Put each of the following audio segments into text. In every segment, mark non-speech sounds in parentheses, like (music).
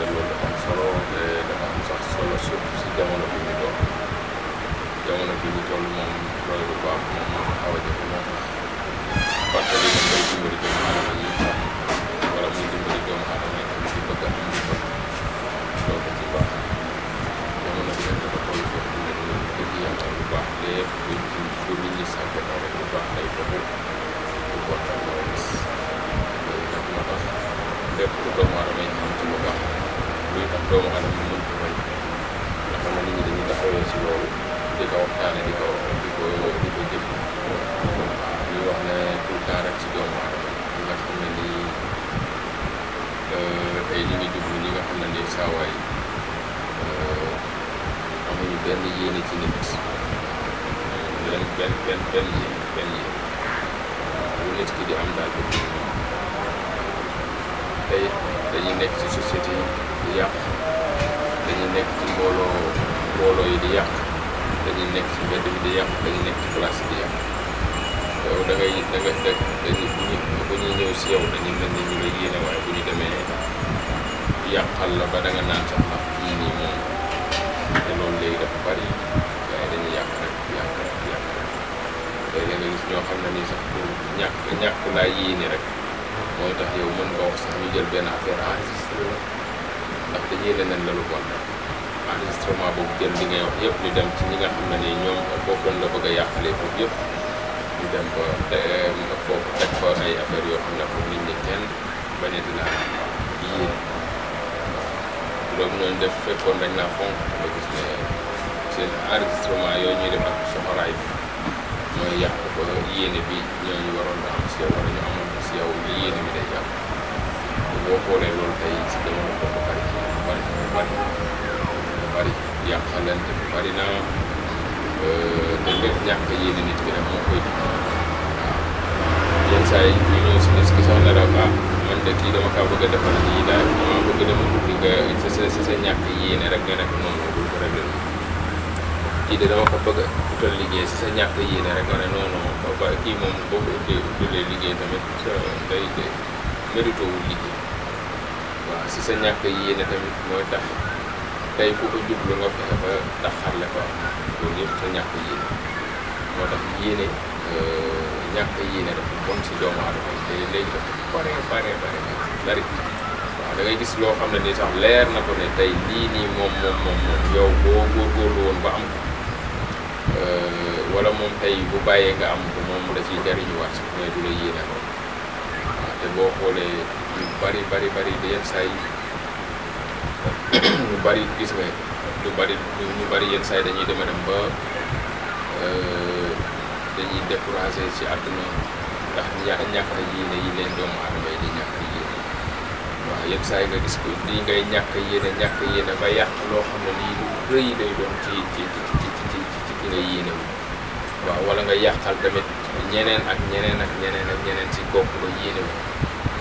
Stunde und benn yéene ci nit benn benn benn benn yéene benn yéene bu nit ki di am daal bu tey dañuy nekk ci société yi di yàq dañuy nekk ci mbooloo mbooloo yi di yàq dañuy nekk ci mbedd bi di yàq dañuy nekk ci place di yàq yow da ngay da nga da dañuy bu ñu bu ñuy ñëw si yow dañuy mel ni ñu yéene waaye bu ñu demee yàqal la ba da nga naan sax ndax te loolu léegi dafa bari waaye dañuy yàq rek yàq rek yàq rek léegi nga gis rek mooy yow mën jël benn affaire dañuy leneen la lu bon rek enregistrement boobu jël ñu dem ci bëgg a yàqalee foofu yëpp ñu yoo xam ne pour nit ñi kenn bañ a dinaa yéene loolu ñooñu def fekkoon dañ naa fonk nga gis ne seen enregistrement yooyu ñuy def ak soxoraay bi ko yéene bi ñooñu waroon na am si yow wala ñu amoon si yow li bi day jàpp boo xoolee loolu bi bari na euh, te lépp ñàkk yéene nit bi rek yi si gis-gis man de kii dama kaa bëgg a defal lii daal dama bëgg dama tukki nga sa sa ñàkk yéene rek nga nekk noonu bul ko rek kii de dama ko bëgg a utal liggéey moom boo ko utee utalee liggéey tamit sa day de liggéey waaw si sa ñàkk yéene tamit mooy tax tey ku ko jublu nga fexe ba taxarle ko loolu yëpp sa ñàkk yéene moo tax yéene. Euh, ñàkk yéene dafa bon si doomu aadama yi léegi gis loo xam ne nii sax leer na ko tey lii nii moom ba am ko bu bàyyee nga am mu ciy jariñuwaat sax mais du boo xoolee ñu bari bari bari yenn saa yi bari gis nga lu bari bari yenn saa dañuy deme dem ba dañuy découragé ci àdduna ndax ñàkk a yéene yi leen doomu aadama yi di ñàkk yéene waaw yenn saa yi nga gis ko lii ngay ñàkk yéene ñàkk yéene ba yàq loo xam ne lii lu rëy lay doon ci ci ci ci ci ki nga yéene wu waaw wala nga yàqal tamit ñeneen ak ñeneen ak ñeneen ak ci kooku nga yéene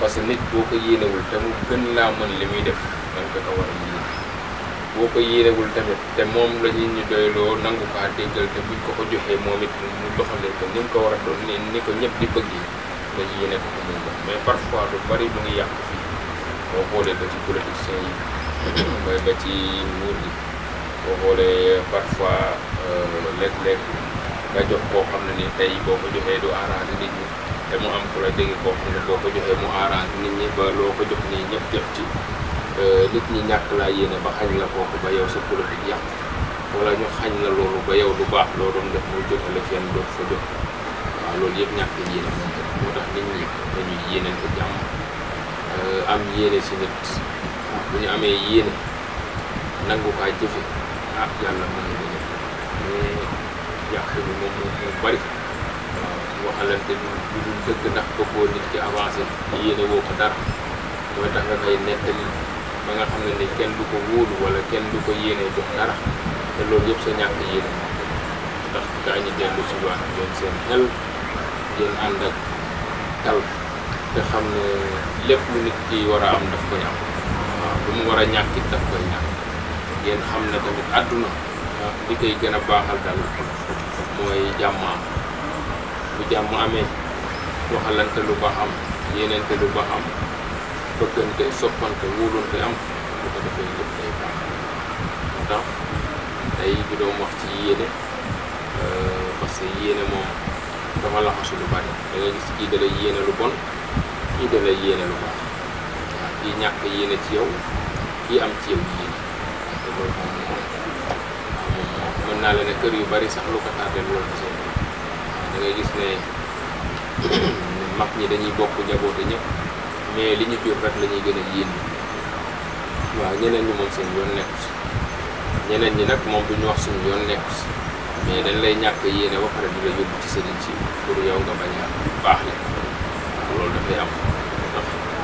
parce que nit boo ko yéenewul te gën laa mën li muy def danga ko war a boko ko wul tamit te mom la ñuy ñu doylo nangu kaa déggal te buñ ko ko joxee momit mu doxale ko ni ko wara do ni ni ko ñepp di bëgg nga yéene ko ko muy dox mais parfois du bari mu ngi yàq fi ko xoolee ba ci politiciens yi bay ba ci nguur gi ko xoolee parfois lek lek nga jox ko xamna ni tay boo ko joxee du arrange nit ñi te mu am ko la dégg ko xamna ne ko mu arrange nit ñi ba loo ko jox ni ñepp jot ci Euh, nit ñi ñàkk laa yéene ba xañ la kooku ba yow sa politique yàq wala ñu xañ la loolu ba yow lu baax loo doon def muy jotale fenn doot loolu yëpp ñàkk yéene moom moo tax nit ñi dañuy yéeneen euh, am yéene si nit bu ñu amee yéene nangu kaa jëfe ah yàlla mën na ko mais bi moom bari waxalante du du dëgg ndax bëggoo nit ki avancé yéene woo ko dara mooy tax nga koy nettali ba nga xam kan ne ni kenn du ko wóolu wala kenn du ko yéene jox dara te loolu yëpp sa ñàkk yéene tax gaa ñi dellu si waat ngeen seen xel ngeen ànd ak dal te xam kan ne lépp lu nit ki war a am daf koy am ah, waaw lu mu war a ñàkk it daf koy ñàkk ngeen xam ne tamit àdduna li ah, koy gën a baaxal dal mooy jàmmaam bu jàmm amee waxalante lu baax am yéenente lu baax am bëggante soppante wóolante am bu ko tey bi doon wax euh, lu bari lu bon kii dalay yéene ci yow kii am ci naa la ne kër yu bari sax lu ko tardé loolu gisee da ngay gis ne (clears throat) mag ñi dañuy bokk njaboote ñëpp mais li ñu jur rek la ñuy gën a yéen waaw ñeneen ñi moom seen yoon nekku si ñeneen ñi nag moom bu ñu wax suñu yoon nekku si mais dañ lay ñàkk yéene ba pare di yóbbu ci sëriñ si pour yow nga bañ a baax la waaw loolu dafay am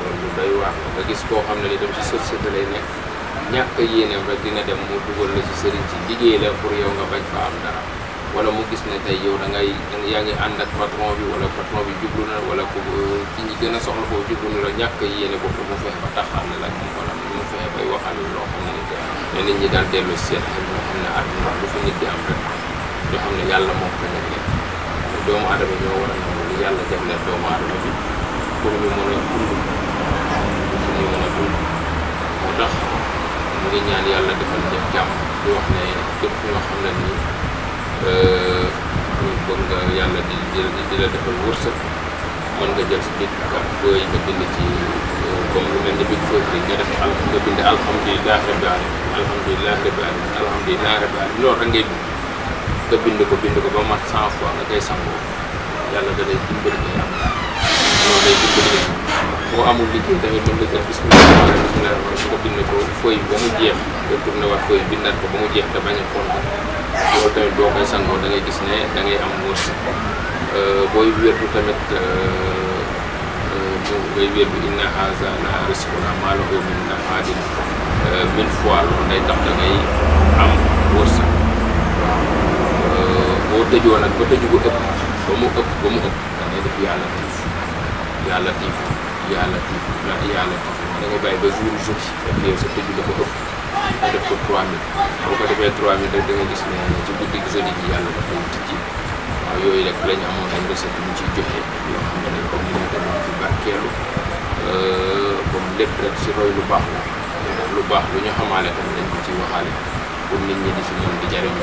loolu lu doy waar nga gis koo xam ne li dem ci société lay nekk ñàkk yéeneem rek dina dem moo dugal la ci sëriñ si liggéey la pour yow nga bañ fa am dara wala mu gis ne tey yow da ngay yaa ngi ànd ak patron bi wala patron bi jublu na wala ku ki ñi gën a soxla foofu jublu na la ñàkk yéene bopp mu fexe ba taxaw xam ne ne ñi daal dellu seet ak ñoo xam ne nit di am rek ñoo xam ne yàlla moom ko nekk doomu aadama ñoo war a nangu lu yàlla jagleel doomu aadama bi pour ñu mën a dund pour ñu mën a dund moo tax mu ngi ñaan yàlla defal jàmm di wax ne képp ñoo xam ne nii bëgg yang ada di di di la defal wërsëg mën nga jël big ak feuille nga bind ci comme lu mel ni big feuille nga def al nga bind alhamdulilah rabbi alamin alhamdulilah rabbi alamin alhamdulilah rabbi alamin loolu rek ngay bind nga bind ko bind ko ba mat 100 fois nga koy sangoo yàlla da lay dimbali ngay am loolu day dimbali boo amul liggéey tamit mën nga jël bismillah bismillah nga bind ko feuille ba mu jeex nga tourné waat feuille bindaat ko ba mu jeex te bañ a loolu tamit boo koy sangoo da gis ne da euh, euh, euh, ngay am wërsëg booy wérdu tamit mu ngay wérdu inna haza la risquna ma lahu min nafadin mille fois loolu day tax am wërsëg boo tëjoo nag ba tëju bu ëpp ba mu ëpp ba mu ëpp da ngay yàlla tiif yàlla tiif yàlla tiif yàlla bàyyi ba jour jour fekk yow sa tëju dafa ëpp nga def ko 3000 boo ko defee 3000 rek da gis ne ci guddi gi jeudi gi yàlla dafay tijji waaw yooyu rek la amoon ay recette yu ne dañ ko mën a demoon ci barkeelu comme euh, lépp rek si roy lu baax la euh, lu baax lu ñu xamaale tamit dañ waxaale pour nit ñi di si mën di jariñ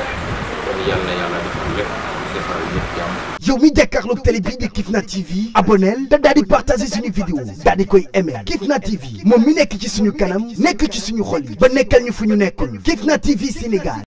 kon yàlla yàlla defal lépp. defal ñëpp jàmm. yow mi jàkkaarloog télé bii di Kifna TV aboneel te daal di partager suñu vidéo daal di koy aimer Kifna TV moom mi nekk ci suñu kanam nekk ci suñu xol yi ba nekkal ñu fu ñu nekkoon Kifna TV Sénégal.